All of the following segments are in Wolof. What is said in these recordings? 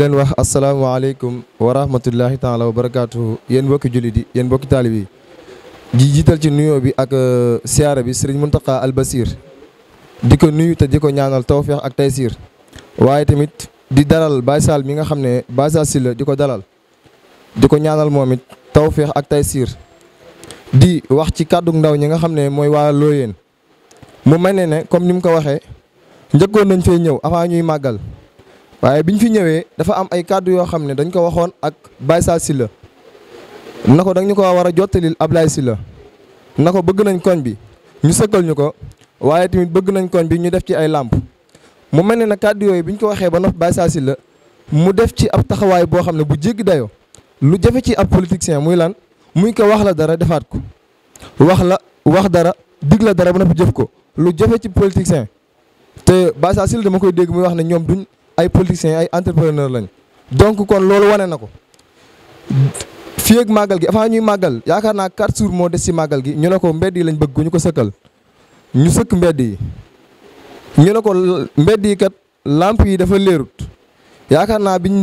di leen wax asalaamaaleykum wa rahmatullahi taala wa barakaatu yéen mbokki jullit yi yéen mbokki taalib yi di jiital ci nuyoo bi ak euh, siyaara bi sëriñ Muntaqa al Basir di ko nuyu te di ko ñaanal tawféex ak taysiir waaye tamit di dalal Baye mi nga xam ne Baye Sall di ko dalal di ko ñaanal moom it tawféex ak taysiir di wax ci kàddu ndaw ñi nga xam ne mooy waa Looyeen mu mel ne ne comme ni ko waxee njëkkoon nañ fee ñëw avant ñuy màggal. waaye bi ñu fi ñëwee dafa am ay kàddu yoo xam ne dañ ko waxoon ak Baye Sa Sylla na ko dañu ko war a ab Ablaye Sylla na ko bëgg nañ koñ bi ñu sëkkal ñu ko waaye tamit bëgg nañ koñ bi ñu def ci ay làmp mu mel ne na kàddu yooyu biñ ko waxee ba noppi Baye Sa Sylla mu def ci ab taxawaay boo xam ne bu jéggi dayoo lu jafe ci ab politicien muy lan muy ko wax la dara defaat ko wax la wax dara digg la dara ba noppi jëf ko lu jafe ci politicien te Baye Sa Sylla dama koy dégg muy wax ne ñoom duñ ay politiciens ay entrepreneurs lañ donc kon loolu wane na ko fii ak màggal gi avant ñuy màggal yaakaar naa quatre jours moo des ci màggal gi ñu ne ko mbedd yi lañ bëgg ñu ko sëkkal ñu sëkk mbedd yi ñu ne ko mbedd yi kat làmp yi dafa leerut yaakaar naa biñ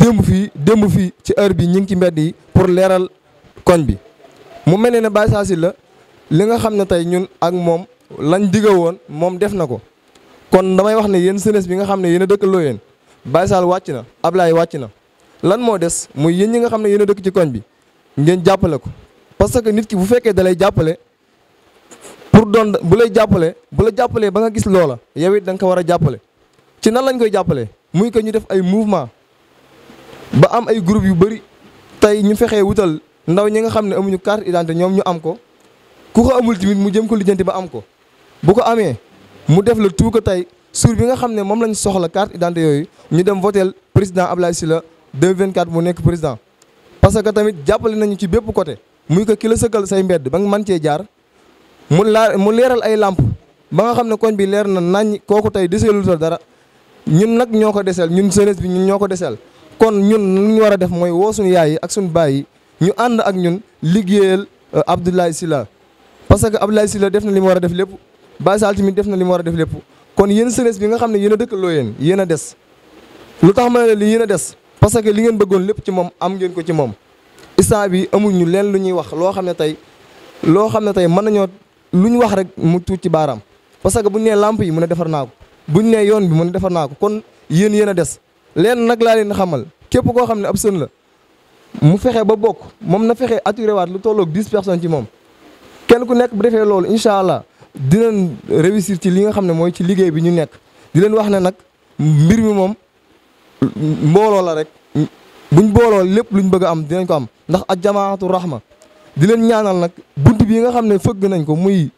démb fii démb fii ci heure bi ñu ngi ci mbedd yi pour leeral koñ bi mu mel ne ne Baye Sassy la li nga xam ne tey ñun ak moom lañ digga woon moom def na ko kon damay wax ne yéen jeunesse bi nga xam ne yéen a dëkk Loyeen Baye wàcc na Ablaye wàcc na lan moo des muy yéen ñi nga xam ne yéen a dëkk ci koñ bi ngeen jàppale ko parce que nit ki bu fekkee dalay jàppale pour doon bu lay jàppale bu la jàppalee ba nga gis loola yow it da ko war a jàppale ci nan lañ koy jàppale muy que ñu def ay mouvement ba am ay groupe yu bëri tey ñu fexee wutal ndaw ñi nga xam ne amuñu carte d'identité ñoom ñu am ko ku ko amul tamit mu jëm ko lijjanti ba am ko bu ko amee mu def la tout que tey suur bi nga xam ne moom lañ soxla carte d'identité yooyu ñu dem voteel président Abdoulaye Sylla 2024 mu nekk président parce que tamit jàppale nañu ci bépp côté muy que ki la say mbedd ba nga mën cee jaar mu laa mu leeral ay làmp ba nga xam ne koñ bi leer na nañ kooku tey deseelul sa dara ñun nag ñoo ko deseel ñun jeunesse bi ñun ñoo ko deseel kon ñun lu ñu war a def mooy woo suñu yaay yi ak suñu baay ñu ànd ak ñun liggéeyal euh, Abdoulaye Sylla parce que Abdoulaye Sylla def na li mu war a def lépp Baye Sall tamit def na li mu war a def lépp kon yéen jeunesse bi nga xam ne yéen a dëkk loo yéen yéen a des lu tax ma ne la li yéen a des parce que li ngeen bëggoon lépp ci moom am ngeen ko ci moom instant bi amuñu leen lu ñuy wax loo xam ne tey loo xam ne tey mën nañoo lu ñu wax rek mu tuut ci baaraam parce que buñ nee làmp yi mu ne defar naa ko bu buñ ne yoon bi mu ne defar naa ko kon yéen yéen a des leen nag laa leen xamal képp koo xam ne ab sën la mu fexe ba bokk moom na fexe attiré waat lu tolloog dix personnes ci moom kenn ku nekk bu defee loolu incha allah di leen réussir ci li nga xam ne mooy ci liggéey bi ñu nekk di leen wax ne nag mbir mi moom mbooloo la rek buñ booloo lépp luñ bëgg am dinañ ko am ndax ak jamaatu rahma di leen ñaanal nag bunt bi nga xam ne fëgg nañ ko muy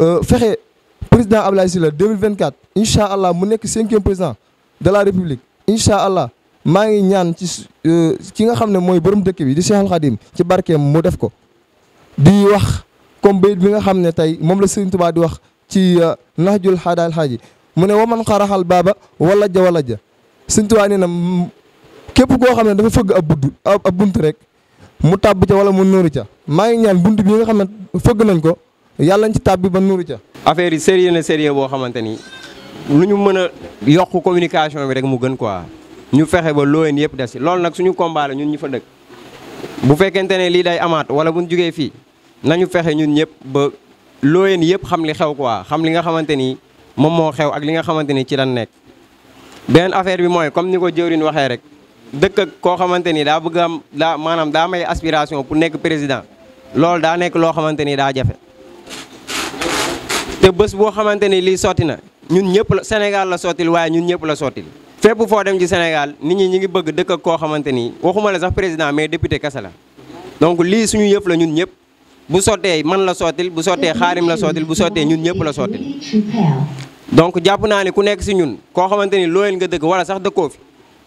euh, fexe président Abdoulaye Sylla 2024 incha allah mu nekk cinquième président de la république incha allah maa ngi ñaan ci euh, ki nga xam ne mooy borom dëkk bi di Cheikh Al ci barkeem mu def ko di wax. comme bayit bi nga xam ne tey moom la Sëriñ Tuubaa di wax ci nax euh, nahjul xaadaal xaaji mu ne waman xaraxal baaba wala ja wala ja Sëriñ Tuubaa nee na képp koo xam ne dafa fëgg ab budd ab bunt rek mu tàbb ca wala mu nuuru ca maa ngi ñaan bunt bi nga xam ne fëgg nañ ko yàlla nañ ci tàbbi ba nuuru ca. affaire yi sérieux na sérieux boo xamante ni lu ñu mën a yokk communication bi rek mu gën ko quoi ñu fexe ba looyeen yëpp des ci loolu nag suñu combat la ñun ñi fa dëkk bu fekkente ne lii day amaat wala bu ñu fii nañu fexe ñun ñëpp ba looyeen yëpp xam li xew quoi xam li nga xamante ni moom moo xew ak li nga xamante ni ci lan nekk. beneen affaire bi mooy comme ni ko jëwriñ waxee rek dëkk ak koo xamante ni daa bëgg am daa maanaam daa may aspiration pour nekk président loolu daa nekk loo xamante ni daa jafe. te bés boo xamante ni lii sotti na ñun ñëpp la Sénégal la sottil waaye ñun ñëpp la sottil fépp foo dem ci Sénégal nit ñi ñu ngi bëgg dëkk ak koo xamante ni waxuma la sax président mais député kese la donc lii suñu yëf la ñun ñëpp. bu sottee man la sottil bu sottee xaarim la sottil bu sottee ñun ñëpp la sottil donc jàpp naa ni ku nekk si ñun koo xamante ni looyal nga dëkk wala sax dëkkoo fi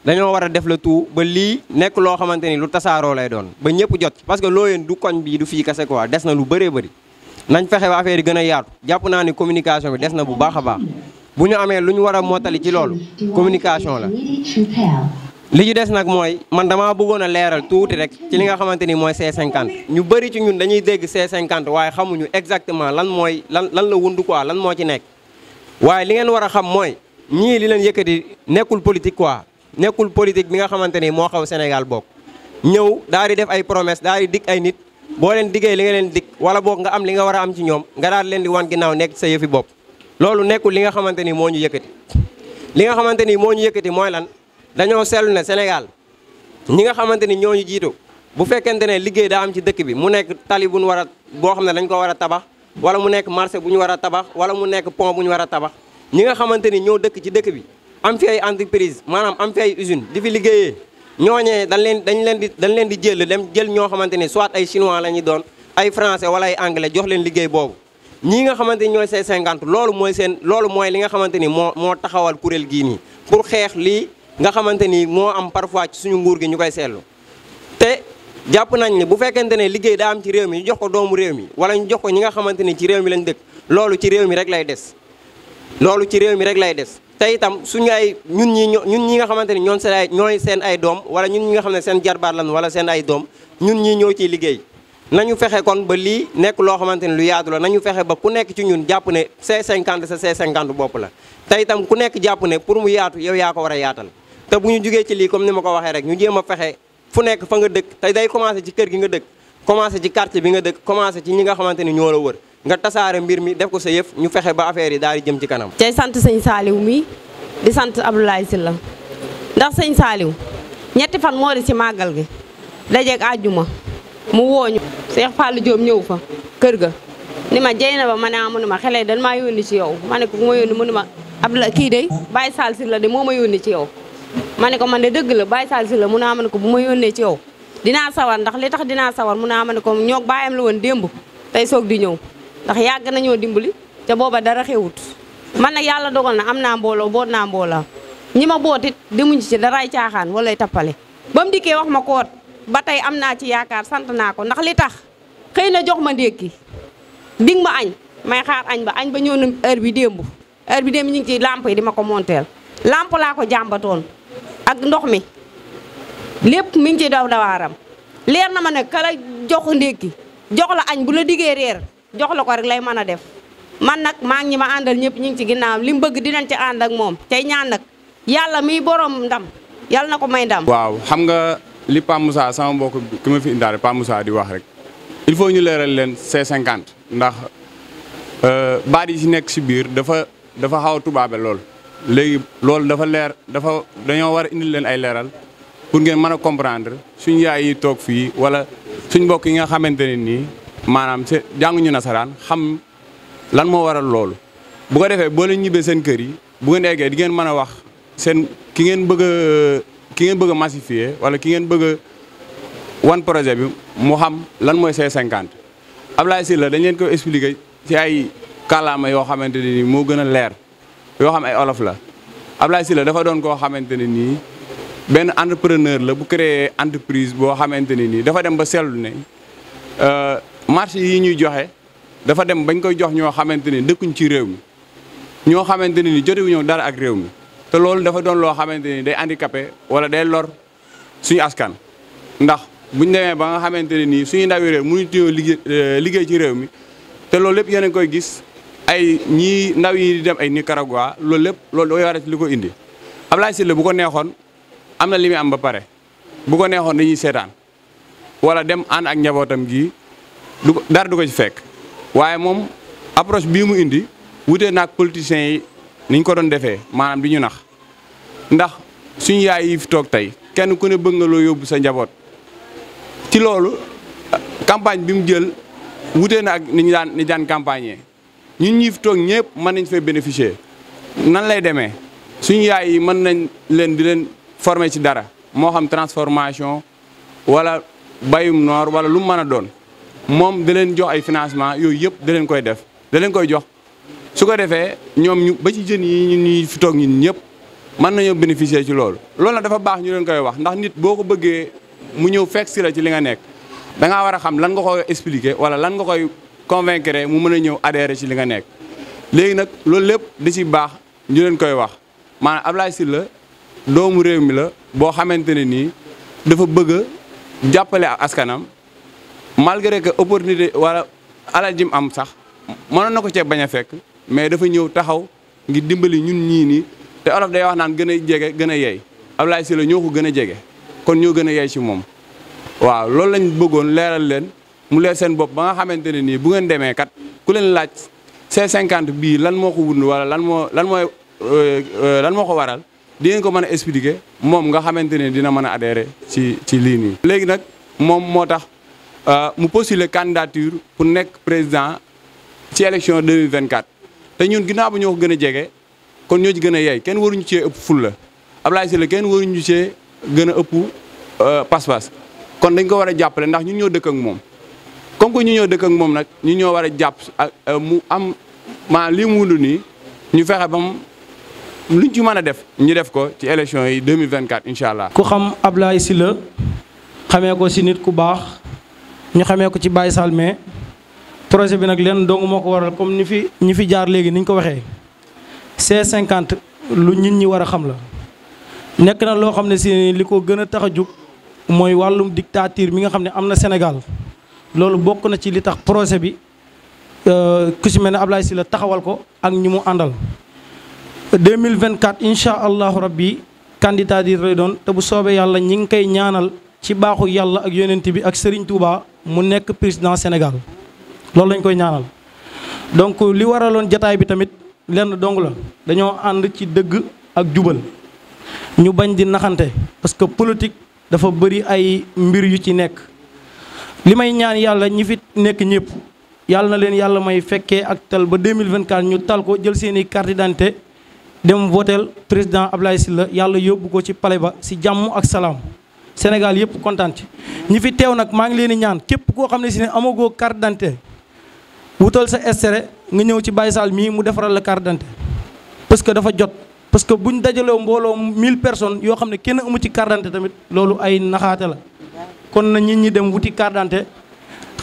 dañoo war a def la tout ba lii nekk loo xamante ni lu tasaaroo lay doon ba ñëpp jot parce que looyeen du koñ bii du fii kase quoi des na lu bëree bari nañ fexe ba affaire yi gën a yaatu jàpp naa ni communication bi des na bu baax a baax bu ñu amee lu ñu war a mottali ci loolu communication la li ci des nag mooy man damaa bëggoon a leeral tuuti rek ci li nga xamante ni mooy C50 ñu bëri ci ñun dañuy dégg C50 waaye xamuñu exactement lan mooy lan lan la wund quoi lan moo ci nekk waaye li ngeen war a xam mooy ñii li leen yëkkati nekkul politique quoi nekkul politique bi nga xamante ni moo xaw Sénégal bokk ñëw daal di def ay promesse daal di dikk ay nit boo leen diggee li nga leen dikk wala boog nga am li nga war a am ci ñoom nga daal leen di wan ginnaaw nekk sa yëfi bopp loolu nekkul li nga xamante ni moo ñu yëkkati li nga xamante ni moo mooy lan dañoo seetlu ne Sénégal ñi nga xamante ni ñu jiitu bu fekkente ne liggéey daa am ci dëkk bi mu nekk tali bu ñu war a boo xam ne dañ ko war a tabax wala mu nekk marché bu ñu war a tabax wala mu nekk pont bu ñu war a tabax ñi nga xamante ni ñoo dëkk ci dëkk bi am fi ay entreprise maanaam am fi ay usine di fi liggéeyee ñooñee dañ leen dañ leen di dañ leen di jël dem jël ñoo xamante ni soit ay chinois la ñuy doon ay français wala ay anglais jox leen liggéey boobu ñii nga xamante ni ñooy say 50 loolu mooy seen loolu mooy li nga xamante ni moo moo taxawal kuréel gii nii nga xamante ni moo am parfois ci suñu nguur gi ñu koy seetlu te jàpp nañ ne bu fekkente ne liggéey daa am ci réew mi ñu jox ko doomu réew mi wala ñu jox ko ñi nga xamante ni ci réew mi lañ dëkk loolu ci réew mi rek lay des loolu ci réew mi rek lay des te itam suñu ay ñun ñi ñun ñi nga xamante ni ñoon seen ñooy seen ay doom wala ñun ñi nga xam ne seen jarbaat lan wala seen ay doom ñun ñi ñoo ciy liggéey nañu fexe kon ba lii nekk loo xamante ni lu yaatu la nañu fexe ba ku nekk ci ñun jàpp ne C50 sa c bopp la te itam ku nekk jàpp ne pour mu yaatu yow yaa ko war a te bu ñu jugee ci lii comme ni ma ko waxee rek ñu jéem a fexe fu nekk fa nga dëkk te day commencé ci kër gi nga dëkk commencé ci quartier bi nga dëkk commencé ci ñi nga xamante ni ñoo la wër nga tasaare mbir mi def ko sa yëf ñu fexe ba affaire yi daal jëm ci kanam. tey sant sañ Saliou mi di sant Abdoulaye Sylla ndax sëñ saaliw ñetti fan moo di ci màggal gi dajeeg àjjuma mu wooñu Cheikh Fallou joom ñëw fa kër ga ni ma jey na ba ma ne ah mu ma xale dañ maa yónni ci yow ma ne ko ma yónni mu ne ma Abdoulaye kii de Baye Sall Sylla de moo ma yónni ci yow. ma ne ko man de dëgg la Baye Sall la mun naa ma ne ko bu ma yónnee ci yow dinaa sawar ndax li tax dinaa sawar mun naa ma ne ko ñoo bàyyam la woon démb tey soog di ñëw ndax yàgg nañoo dimbali te booba dara xewut man nag yàlla dogal na am naa mbooloo boot naa mbooloo ñi ma boot it demuñ ci daraay caaxaan walay tappale ba mu dikkee wax ma koot ba tey am naa ci yaakaar sant naa ko ndax li tax xëy na jox ma ndékki dig ma añ may xaar añ ba añ ba ñëw na heure bi démb heure bi démb ñu ngi ci lamp yi di ko monteel lamp laa ko jàmbatoon ak ndox mi lépp mi ngi ci daw dawaaram leer na ma ne kala jox ndékki jox la añ bu la diggee reer jox la ko rek lay mën a def man nag maa ngi ñi ma àndal ñëpp ñu ngi ci ginnaawam li mu bëgg dinañ ci ànd moom tey ñaan nag yàlla mii borom ndam yàlla na ko may ndam. waaw xam nga li Pape Moussa sama mbokk ki ma fi indaale Pape Moussa di wax rek il faut ñu leeral leen C50 ndax euh, baat yi si nekk si biir dafa dafa xaw a tubaabee lool. léegi loolu dafa leer dafa dañoo war a indil leen ay leeral pour ngeen mën a comprendre suñ yaay toog fii wala suñ mbokk yi nga xamante ne nii maanaam se jànguñu nasaraan xam lan moo waral loolu. bu ko defee boo leen ñibbee seen kër yi bu ngeen eggee di ngeen mën a wax seen ki ngeen bëgg a ki ngeen bëgg a wala ki ngeen bëgg wan projet bi mu xam lan mooy C50. Ablaye Sylla dañ leen ko expliquer ci ay kàllaama yoo xamante ne nii moo gën a leer. yoo xam ay olof la Ablaye la dafa doon koo xamante ne nii benn entrepreneur la bu créer entreprise boo xamante ne nii dafa dem ba seetlu ne euh, marché yi ñuy joxe dafa dem bañ koy jox ñoo xamante ni dëkkuñ ci réew mi ñoo xamante ne ni jotewuñu dara ak réew mi te loolu dafa doon loo xamante ni day handicapé wala day lor suñu askan ndax bu buñu demee ba nga xamante ne nii suñu ndawi réew mënuñu liggéey euh, liggéey ci réew mi te loolu lépp yéen a ngi koy gis ay ñii ndaw yi di dem ay Nicaragua loolu lépp loolu doo yore li ko indi Abdoulaye Sylla bu ko neexoon am na li muy am ba pare bu ko neexoon dañuy seetaan wala dem ànd ak njabootam gii du dara du ko ci fekk waaye moom approche bii mu indi wutee naag politiciens yi niñ ko doon defee maanaam di ñu nax ndax suñ yaay yi fi toog tey kenn ku ne bëgg nga loo yóbbu sa njaboot ci loolu campagne bi mu jël wutee na ak ni ñu daan ni daan campagne ñu ñi fi toog ñëpp mën nañ fee bénéficier nan lay demee suñu yaay yi mën nañ leen di leen former ci dara moo xam transformation wala bayum noor wala lu mu mën a doon moom da leen jox ay financement yooyu yëpp da leen koy def da leen koy jox su ko defee ñoom ñu ba ci jeunes yi ñun ñi fi toog ñun ñëpp mën nañoo bénéficier ci loolu loolu nag dafa baax ñu leen koy wax ndax nit boo ko bëggee mu ñëw fekk si la ci li nga nekk da ngaa war a xam lan nga koy expliquer wala lan nga koy convaincre mu mën a ñëw adhérer ci li nga nekk. léegi nag loolu lépp di ci baax ñu leen koy wax maanaam Ablaye Sylla doomu réew mi la boo xamante ne nii dafa bëgg a jàppale ak askanam malgré que opportunité wala alal jim am sax mënoon na ko cee bañ a fekk mais dafa ñëw taxaw ngi dimbali ñun ñii nii te olof day wax naan gën a jege gën a yey Ablaye Sylla ñoo ko gën a jege kon ñoo gën a yey ci moom. waaw loolu lañ bëggoon leeral leen mu leer seen bopp ba nga xamante ne nii bu ngeen demee kat ku leen laaj c cinquante bii lan moo ko wund wala lan moo lan mooy euh, euh, lan moo ko waral di ngeen ko mën a expliquer moom nga xamante ne dina mën a adhérer ci ci lii nii. léegi nag moom moo tax euh, mu postuler candidature pour nekk président ci élection 2024 te ñun ginnaaw bu ñoo ko gën a jege kon ñoo ci gën a yey kenn waruñu cee ëpp fulla Ablaye Sylla kenn waruñu cee gën a ëpp pas-pas kon dañ ko war a jàppale ndax ñun ñoo dëkk ak moom. comme que ñu ñëw dëkk ak moom nag ñu ñoo war a jàpp ak euh, mu am maa li mu nii ñu fexe ba mu luñ ci mën a def ñu def ko ci élection yi vingt 2024 incha allah. ku xam si la xamee ko si nit ku baax ñu xamee ko ci Baye Salmé projet bi nag leen dong moo ko waral comme ni fi ñu fi jaar léegi ni ko waxee C50 lu nit ñi war a xam la nekk na loo xam ne si li ko gën a tax a jug mooy wàllum dictature mi nga xam ne am na Sénégal. loolu bokk na ci li tax projet bi euh, ku si mel ne Ablaye la taxawal ko ak ñi mu àndal 2024 incha allahu rabbi candidature lay doon te bu soobee yàlla ñi ngi koy ñaanal ci baaxu yàlla ak yonent bi ak Serigne Touba mu nekk président Sénégal loolu lañ koy ñaanal donc li waraloon jataay bi tamit lenn dong la dañoo ànd ci dëgg ak jubal ñu bañ di naxante parce que politique dafa bëri ay mbir yu ci nekk li may ñaan yàlla ñi fi nekk ñëpp yàlla na leen yàlla may fekkee ak tal ba mille vingt 2024 ñu tal ko jël seeni i dem votel président Abdoulaye la yàlla yóbbu ko ci palais ba si jàmm ak salaam Sénégal yëpp kontaan ci ñi fi teew nag maa ngi leen di ñaan képp koo xam ne si ne amagoo carte d'identité wutal sa extrait nga ñëw ci Baye Sall mii mu defaral la carte d'identité parce que dafa jot parce que buñ dajaloo mbooloo mille personnes yoo xam ne kenn amu ci carte tamit loolu ay naxaate la kon na nit ñi dem wuti kar dante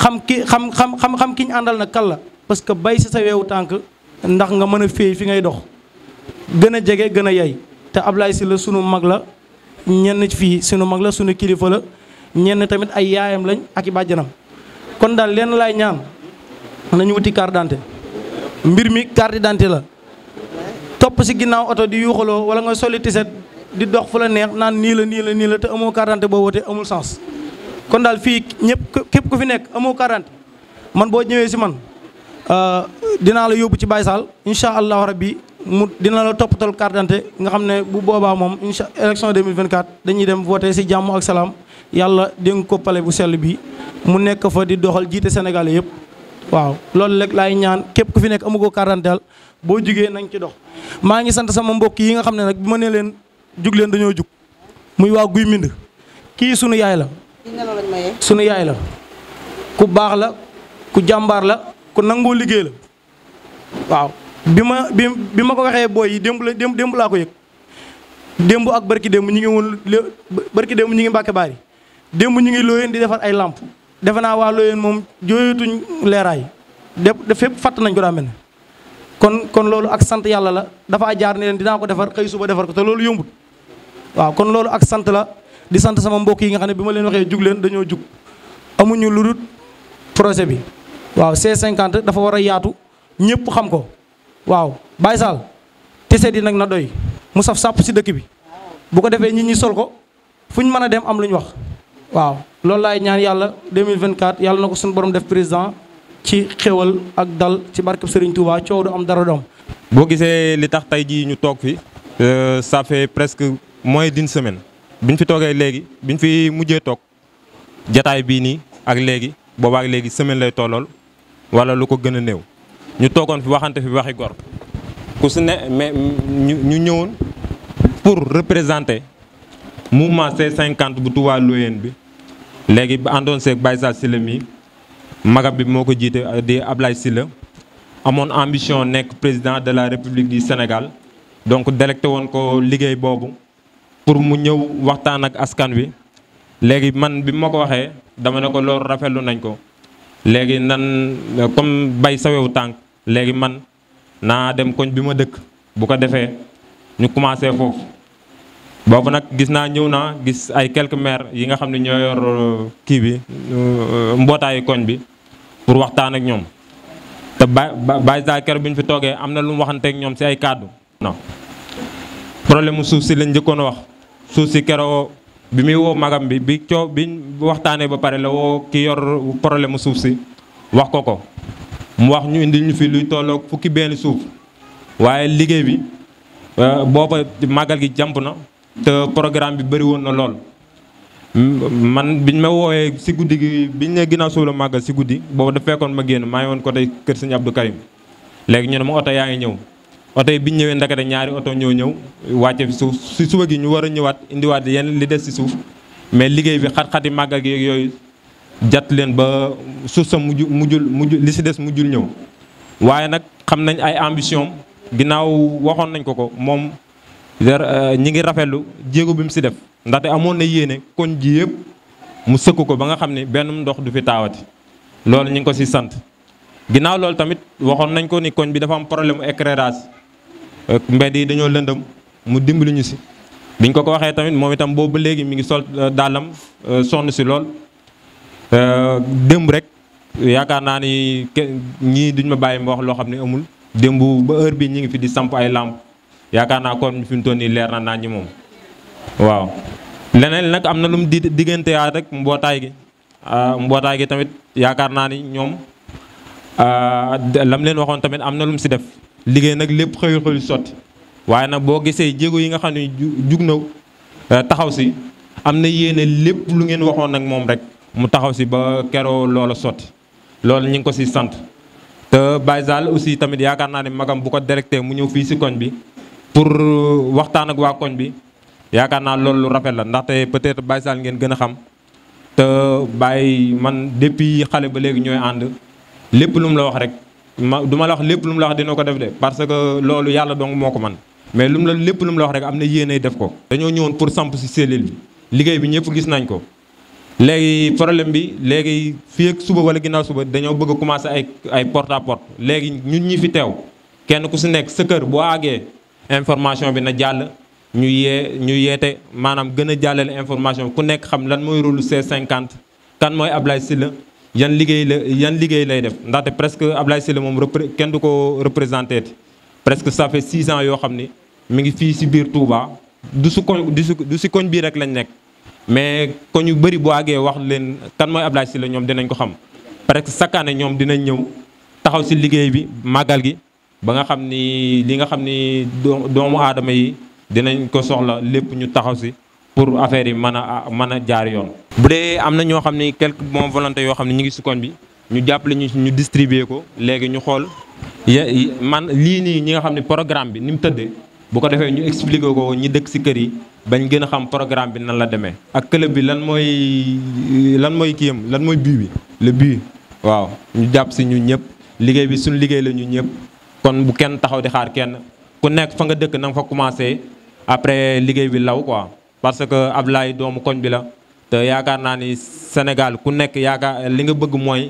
xam ki xam xam xam xam ki àndal na kal la parce que bay si sa weewu tànk ndax nga mën a fi ngay dox gën a jege gën a yey te Ablaye si la sunu mag la ñenn fii sunu mag la sunu kilifa la ñenn tamit ay yaayam lañ ak i bàjjanam kon daal leen laay ñaan nañu wuti carte dante mbir mi carte dante la topp si ginnaaw oto di yuuxaloo wala nga soli tiset di dox fu la neex naan nii la nii la nii la te amoo carte d'identité boo wootee amul sens kon daal fii ñëpp képp ku fi nekk amoo quarante man boo ñëwee si man euh, dinaa la yóbbu ci Baye Sall incha allahu rabbi mu dina la toppatal carte d'identité nga xam ne bu boobaa moom incha élection 2024 dañuy dem voté si jàmm ak salaam yàlla dénk ko pale bu sell bi mu nekk fa di doxal jiite Sénégal yëpp waaw loolu rek laay ñaan képp ku fi nekk amugoo carte d'identité boo jugee nañ ci dox. maa ngi sant sama mbokk yi nga xam ne nag bi ma nee leen jug leen dañoo jug muy waa guy mbind kii sunu yaay la sunu yaay la ku baax la ku jàmbaar la ku nangoo liggéey la waaw bi ma bi ma ko waxee booy yi démb la démb démb laa ko yëg démb ak barki démb ñu ngi woon barki démb ñu ngi mbàkke baar yi démb ñu ngi looyeen di defar ay làmp defe naa waa looyeen moom jooyatuñ leeraay def fépp fàtt nañ ko daa mel ne kon kon loolu ak sant yàlla la dafa jaar ne leen dinaa ko defar xëy suba defar ko te loolu yombut waaw kon loolu ak sant la di sant sama mbokk yi nga xam ne bi ma leen waxee jug leen dañoo jug amuñu lu dul projet bi waaw c cinquante dafa war a yaatu ñëpp xam ko waaw Baye Sall tiset yi nag na doy mu saf sàpp si dëkk bi bu ko defee nit ñi sol ko fu ñu mën a dem am lu ñu wax waaw loolu laay ñaan yàlla 2024 yàlla na ko suñu borom def président ci xewal ak dal ci barkeb Serigne Touba coow du am dara doom boo gisee li tax tey jii ñu toog fi euh, ça fait presque moins dine semaine biñ fi toogee léegi bi biñ fi mujjee toog jataay bii nii ak léegi boobaak léegi semaine lay tollool wala lu ko gën a néew ñu toogoon fi waxante fi waxi gor ku si ne mais ñu ñu ñëwoon pour représenter mouvement C50 bu Touba Loyène bi léegi bi àndoon seeg Baye Sall Sylla mi magab bi moo ko jiite di Ablaye Sylla amoon ambition nekk président de la République du Sénégal donc délecté woon ko liggéey boobu pour mu ñëw waxtaan ak askan wi léegi man bi ma ko waxee dama ne ko loolu rafetlu nañ ko léegi nan comme bay sawewu tànk léegi man naa dem koñ bi ma dëkk bu ko defee ñu commencé foofu boobu nag gis naa ñëw naa gis ay quelques maires yi nga xam ne ñoo yor euh, kii bi euh, mbootaayu koñ bi pour waxtaan ak ñoom te ba saa Zakar bi ñu fi toogee am na lu mu waxanteeg ñoom si ay kàddu non problème mu suuf si lañ njëkkoon wax suuf si keroo bi muy woo magam bi bi coo biñ waxtaanee ba pare la woo ki yor problème mu suuf si wax ko ko mu wax ñu indil ñu fi luy tolloog fukki benn suuf waaye liggéey bi euh, booba màggal gi jàmp na te programme bi bëri woon na lool man biñ ma woowee si guddi gi biñ ne ginnaaw suuf la màggal si guddi boobu da fekkoon ma génn maa ngi woon ko côté kër sëñ Abdou Karim léegi ñu ne ma oto yaa ngi ñëw oto yi bi ñëwee ndakate ñaari oto ñoo ñëw wàcce bi suuf si suba gi ñu war a ñëwaat indiwaat yenn li des si suuf mais liggéey bi xat-xati màggal gi yooyu jat leen ba suuf sa mujj mujjul mujj li si des mujjul ñëw waaye nag xam nañ ay ambition ginnaaw waxoon nañ ko ko moom euh, ñi ngi rafetlu jéego bi mu si def ndaxte amoon na yéene koñ ji yëpp mu sëkk ko ba nga xam ne benn ndox du fi taawati loolu ñu ngi ko si sant ginnaaw loolu tamit waxoon nañ ko ni koñ bi dafa am problème mu éclairage Euh, mbedd yi dañoo lëndëm mu dimbali ñu si biñ ko ko waxee tamit moom itam boobu ba léegi mu ngi sol euh, daalam euh, sonn si lool démb rek yaakaar naa ni ñii duñ ma bàyyi ma wax loo xam ne amul démb ba heure bi ñu ngi fi di samp ay làmp yaakaar naa kon fi mu toll nii leer na naa ñi moom waaw leneen nag am na lu mu di diggante yaa mbootaay gi mbootaay gi tamit yaakaar naa ni ñoom lam leen waxoon tamit am na lu mu si def liggéey nag lépp xëyul xëyul sotti waaye nag boo gisee jéego yi nga xam ne jug na euh, taxaw si am na yéene lépp lu ngeen waxoon nag moom rek mu taxaw si ba keroo loola sotti loolu ñu ngi ko si sant te Baye aussi tamit yaakaar naa ne magam bu ko directé mu ñëw fii si koñ bi pour waxtaan ak waa koñ bi yaakaar naa loolu lu rafet la ndaxte peut-être Baye ngeen gën a xam te Baye man depuis xale ba léegi ñooy ànd lépp lu la wax rek ma duma la wax lépp lu mu la wax dina ko def de parce que loolu yàlla dong moo ko man mais lu mu la lépp lu la wax rek am na yéene def ko. dañoo ñëwoon pour samp si cellule bi liggéey bi ñëpp gis nañ ko léegi problème bi léegi fii suba wala ginnaaw suba dañoo bëgg a commencé ay ay porte à porte léegi ñun ñi fi teew kenn ku si nekk sa kër boo àggee information bi na jàll. ñu yee ñu yeete maanaam gën a jàllale information ku nekk xam lan mooy rôle C50 kan mooy Ablaye Sylla yan liggéey la yan liggéey lay def ndaxte presque Ablaye la moom kenn du ko représenté presque ça fait 6 ans yoo xam ni mi ngi fii si biir Touba du su koñ du si koñ bii rek lañ nekk mais ko ñu bëri boo àggee wax leen kan mooy Ablaye Sylla ñoom dinañ ko xam presque chaque année ñoom dinañ ñëw taxaw si liggéey bi màggal gi ba nga xam ni li nga xam ni doomu aadama yi dinañ ko soxla lépp ñu taxaw si pour affaire yi mën a mën a jaar yoon bu dee am na ñoo xam ne quelques bons volontaires yoo xam ne ñu ngi si koñ bi ñu jàppale ñu ñu distribuer ko léegi ñu xool man lii nii ñi nga xam ne programme bi ni mu tëddee bu ko defee ñu expliquer ko ñi dëkk si kër yi bañ gën a xam programme bi nan la demee. ak club bi lan mooy lan mooy kiyam lan mooy but bi le but waaw ñu jàpp si ñu ñëpp liggéey bi suñ liggéey la ñu ñëpp kon bu kenn taxaw di xaar kenn ku nekk fa nga dëkk na nga fa commencé après liggéey bi law quoi parce que Ablaye doomu koñ bi la. te yaakaar naa ni Sénégal ku nekk yaakaar li nga bëgg mooy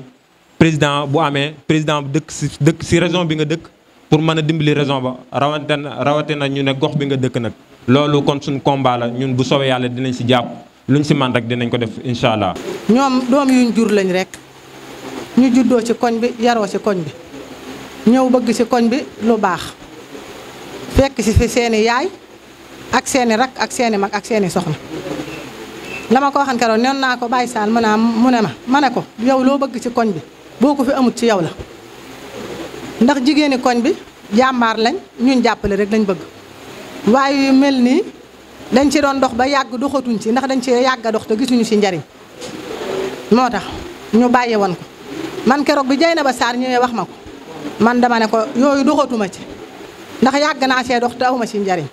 président bu amee président bu dëkk si dëkk si région bi nga dëkk pour mën a dimbali région ba rawatina rawatina ñu ne gox bi nga dëkk nag. loolu kon suñ combat ñun bu soobee yàlla dinañ si jàpp luñ si man rek dinañ ko def incha allah. ñoom doom yuñ jur lañ rek ñu juddoo ci koñ bi yaroo ci koñ bi ñëw bëgg ci koñ bi lu baax fekk ci fi seeni yaay ak seeni rak ak seeni mag ak seeni soxna. la ma ko waxan keroog noonu naa ko bàyyi saal mu ne mu ne ma ma ne ko yow loo bëgg ci koñ bi boo ko fi amut ci yow la ndax jigéeni koñ bi jàmbaar lañ ñun jàppale rek lañ bëgg waaye yu mel nii dañ ci doon dox ba yàgg doxatuñ ci ndax dañ ci yàgg dox te gisuñu ci njariñ moo tax ñu bàyyi woon ko man keroog bi jay na ba saar ñëwee wax ma ko man dama ne ko yooyu doxatuma ci ndax yàgg naa see dox te awuma ci njariñ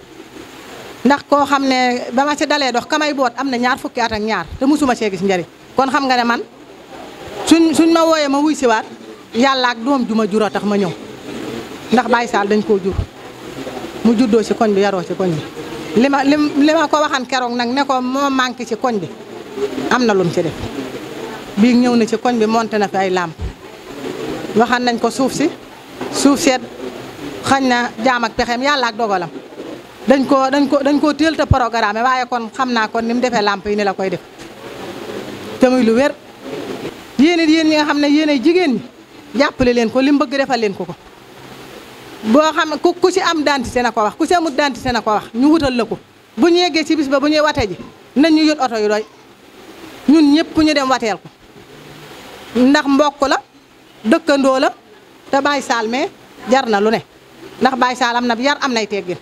ndax koo xam ne ba ma ci dalee dox kamay boot am na ñaar fukki at ak ñaar te mosuma cee gis njariñ kon xam nga ne man suñ suñ ma wooyee ma wuy siwaat yàlla ak doom juma ma jura tax ma ñëw ndax Baye Sall dañ koo jur mu juddoo ci koñ bi yaroo ci koñ bi li ma ko waxan keroog nag ne ko moo manqué ci koñ bi am na lum ci def bii ñëw na ci koñ bi monté na fi ay làmp waxan nañ ko suuf si suuf seet xañ na jaam ak pexeem yàlla ak dogalam dañ koo dañ ko dañ koo teel te programme waaye kon xam naa kon ni mu defee làmp yi ni la koy def te muy lu wér yéen yéen ñi nga xam ne yéenay jigéen ñi jàppale leen ko li mu bëgg defal leen ko ko boo xam ku ku ci am dentité na ko wax ku ci amut dentité na ko wax ñu wutal la ko bu ñu yeggee ci bis ba bu ñuy wate ji nañ ñu yot oto yu doy ñun ñëpp ñu dem wateel ko ndax mbokk la dëkkandoo la te Baye Sall mais jar na lu ne ndax baay Sall am na yar am nay teggin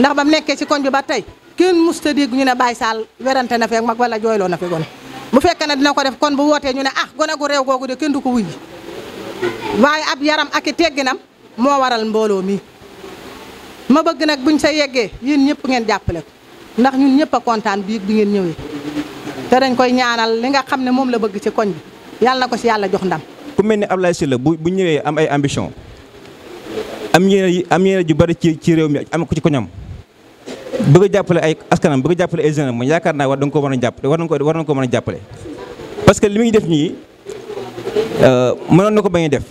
ndax ba mu nekkee ci koñ bi ba tey kenn musta dégg ñu ne Baye Sall werante na feek mag wala jooyloo na fi gone bu fekkee ne dina ko def kon bu wootee ñu ne ah gone gu réew googu de kenn du ko wuy waaye ab yaram ak i tegginam moo waral mbooloo mi ma bëgg nag buñ sa yeggee yéen ñëpp ngeen jàppale ko ndax ñu ñëpp a kontaan bii bi ngeen ñëwee te dañ koy ñaanal li nga xam ne moom la bëgg ci koñ bi yàlla na ko si yàlla jox ndam. ku mel ne Ablaye Sylla bu bu ñëwee am ay ambition am ñeneen am ñeneen ju bari ci ci réew mi am ko ci koñam. bëgg jàppale ay askanam bëgg a jàppale ay jeunes yaakaar naa war da nga ko mën a jàppale war nañ ko war nañ jàppale parce que li muy def nii euh, mënoon na ko bañ def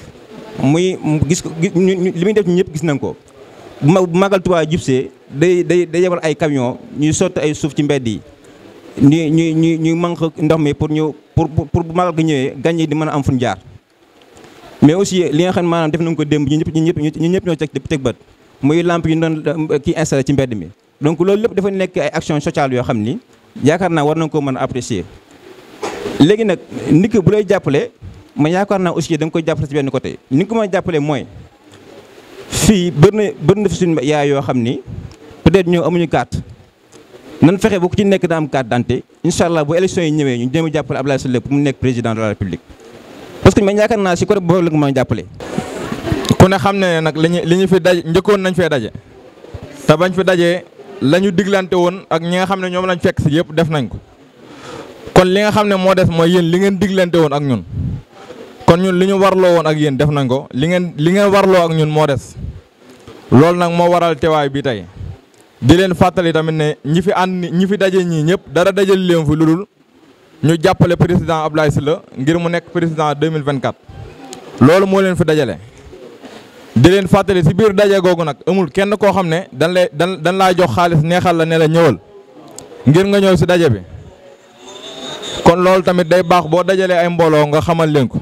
muy gis li muy def ñi ñëpp gis nañ ko bu magal Tuubaa jubsee day day day yebal ay camion ñuy sotti ay suuf ci mbedd yi ñuy ñuy ñuy ñuy manque ndox mi pour ñu pour pour bu ñëwee gan yi di mën am fu jaar mais li nga xam maanaam def nañ ko démb ñu ñëpp ñu ñëpp ñu ñëpp ñoo teg bët muy lamp yi ñu doon euh, kii installé ci mbedd mi donc loolu lépp dafa nekk ay action sociale yoo xam ni yaakaar naa war nañ koo mën a apprécier léegi nag nit bu lay jàppale ma yaakaar naa aussi da nga koy jàppale si benn côté ni nga ko mën a mooy fii bëri na bëri na fi suñu yaay yoo xam ni peut-être ñoo amuñu carte nan fexe bu ku ci nekk daa am carte d'identité incha allah bu élection yi ñëwee ñu jéem a jàppale Abdoulaye Sylla pour mu nekk président de la république parce que man yaakaar naa si côté boobu la nga mën a jàppale. ku xam ne nag li ñu fi daje njëkkoon nañ fee daje la ñu diglante woon ak ñi nga xam ne ñoom lañ fekk si yëpp def nañ ko kon li nga xam ne moo des mooy yéen li ngeen diglante woon ak ñun kon ñun li ñu warloo woon ak yéen def nañ ko li ngeen li ngeen warloo ak ñun moo des loolu nag moo waral teewaay bi tey di leen fàttali tamit ne ñi fi ànd ñi fi daje ñii ñëpp dara dajal leen fi lu dul ñu jàppale président Abdoulaye la ngir mu nekk président 2024 loolu moo leen fi dajale. di leen fàttali si biir daje googu nag amul kenn koo xam ne dañ lay dan dañ laa jox xaalis neexal la ne la ñëwal ngir nga ñëw si daje bi kon loolu tamit day baax boo dajalee ay mbooloo nga xamal leen ko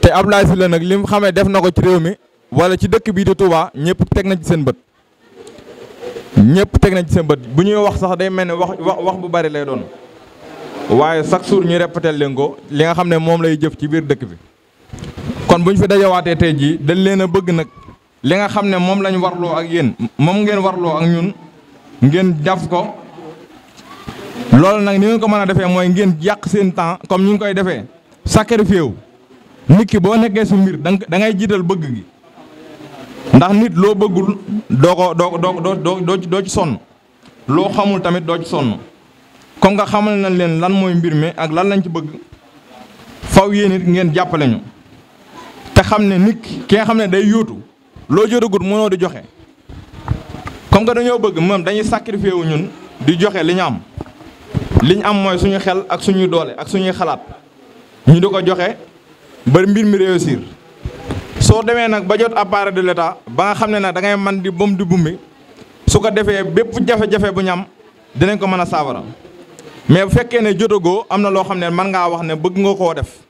te si Sylla nag lim xamee def na ko ci réew mi wala ci dëkk bii di Touba ñëpp teg nañ ci seen bët ñëpp teg nañ ci seen bët bu ñuy wax sax day mel ne wax wax bu bari lay doon waaye chaque jour ñu répété leen ko li nga xam ne moom lay jëf ci biir dëkk bi kon bu ñu fi dajawaatee tey jii dañ leen a bëgg nag li nga xam ne moom lañu warloo ak yéen moom ngeen warloo ak ñun ngeen jaf ko loolu nag ni ngeen ko mën a defee mooy ngeen jàq seen temps comme ñu ngi koy defee sacrifié wu nit ki boo nekkee si mbir dangay jiital bëgg gi ndax nit loo bëggul doo ko doo doo doo doo ci sonn loo xamul tamit doo ci sonn kon nga xamal nañ leen lan mooy mbir mi ak lan lañ ci bëgg faw yéen it ngeen jàppale ñu. te xam ne nit ki nga xam ne day yuutu loo jotagut mënoo di joxe comme que dañoo bëgg moom dañuy sacrifié wu ñun di joxe li ñu am li ñu am mooy suñu xel ak suñuy doole ak suñuy xalaat ñu di ko joxe ba mbir mi réussir soo demee nag ba jot appareil de l'État ba nga xam ne nag da ngay man di bom di bumbi su ko defee bépp jafe-jafe bu ñu am dinañ ko mën a saafara mais bu fekkee ne jotagoo am na loo xam ne mën ngaa wax ne bëgg nga koo def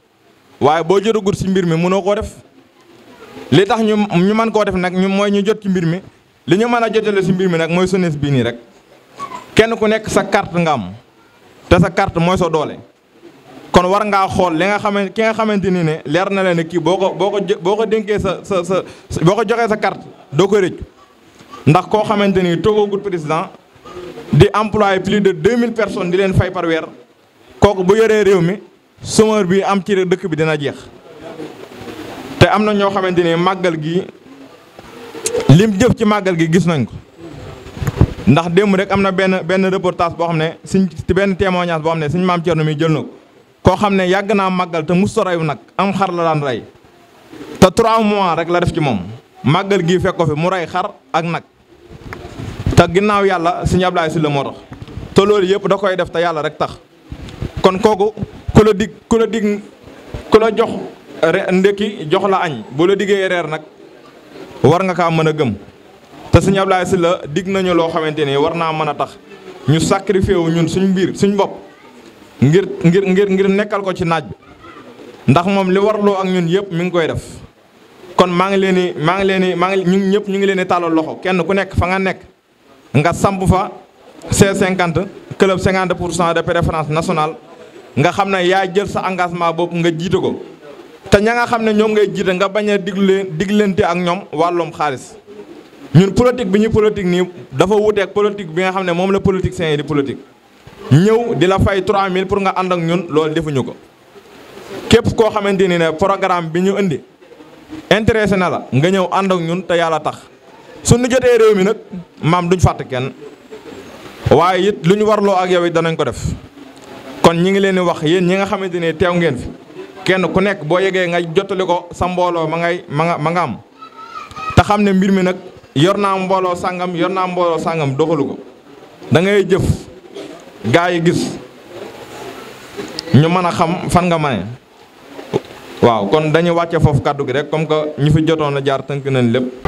waaye boo jotagut ci mbir mi munoo koo def li tax ñu ñu mën koo def nag ñu mooy ñu jot ci mbir mi li ñu mën a jotale ci mbir mi nag mooy SONES bii nii rek kenn ku nekk sa carte nga am te sa carte mooy sa doole. kon war ngaa xool li nga xamante ki nga xamante ni ne leer na leen ne kii boo ko boo ko boo ko dénkee sa sa sa boo ko joxee sa carte doo ko rëccu ndax koo xamante ni toogagut président di employé plus de mille personnes di leen fay par weer kooku bu yoree réew mi. chômeur bii am ci dëkk bi dina jeex te am na ñoo xamante ni màggal gi lim jëf ci màggal gi gis nañ ko ndax démb rek am na benn benn reportage boo xam ne suñ benn témoignage boo xam ne suñ maam Thierno mi jël na ko. koo xam ne yàgg naa màggal te musta reyu nag am xar la daan rey te trois mois rek la def ci moom màggal gi fekk ko fi mu rey xar ak nag te ginnaaw yàlla suñu Ablaye si la moo te loolu yëpp da koy def te yàlla rek tax kon kooku. ku la dig ku la dig ku la jox ndékki jox la añ bu la diggee reer nag war nga kaa mën a gëm te sëñ si la digg nañu loo xamante ni war naa mën a tax ñu sacrifié wu ñun suñ biir suñ bopp ngir ngir ngir ngir nekkal ko ci naaj bi ndax moom li warloo ak ñun yëpp mu ngi koy def kon maa ngi leen di maa ngi leen di maa ngi ñun ñëpp ñu ngi leen di tàllal loxo kenn ku nekk fa nga nekk nga samp fa C50 club 50 pour cent de préférence nationale nga xam ne yaa jël sa engagement boobu nga jiite ko te ña nga xam ne ñoom ngay jiite nga bañ a digle diglante ak ñoom wàllum xaalis ñun politique bi ñuy politique nii dafa wuteek politique bi nga xam ne moom la politiciens yi di politique. ñëw di la fay 3000 pour nga ànd ak ñun loolu defuñu ko képp koo xamante ni ne programme bi ñu indi intéressé na la nga ñëw ànd ak ñun te yàlla tax suñu jotee réew mi nag maam duñ fàtte kenn waaye it lu ñu warloo ak yow it danañ ko def. kon ñi ngi leen di wax yéen ñi nga xamante ne teew ngeen fi kenn ku nekk boo yegee nga jottali ko sa mbooloo ma ngay ma nga ma nga am te xam ne mbir mi nag yor naa mbooloo sàngam yor naa mbooloo sàngam doxalu ko da ngay jëf gaa yi gis ñu mën a xam fan nga mane waaw kon dañuy wàcce foofu kàddu gi rek comme que ñu fi jotoon a jaar tënk nañ lépp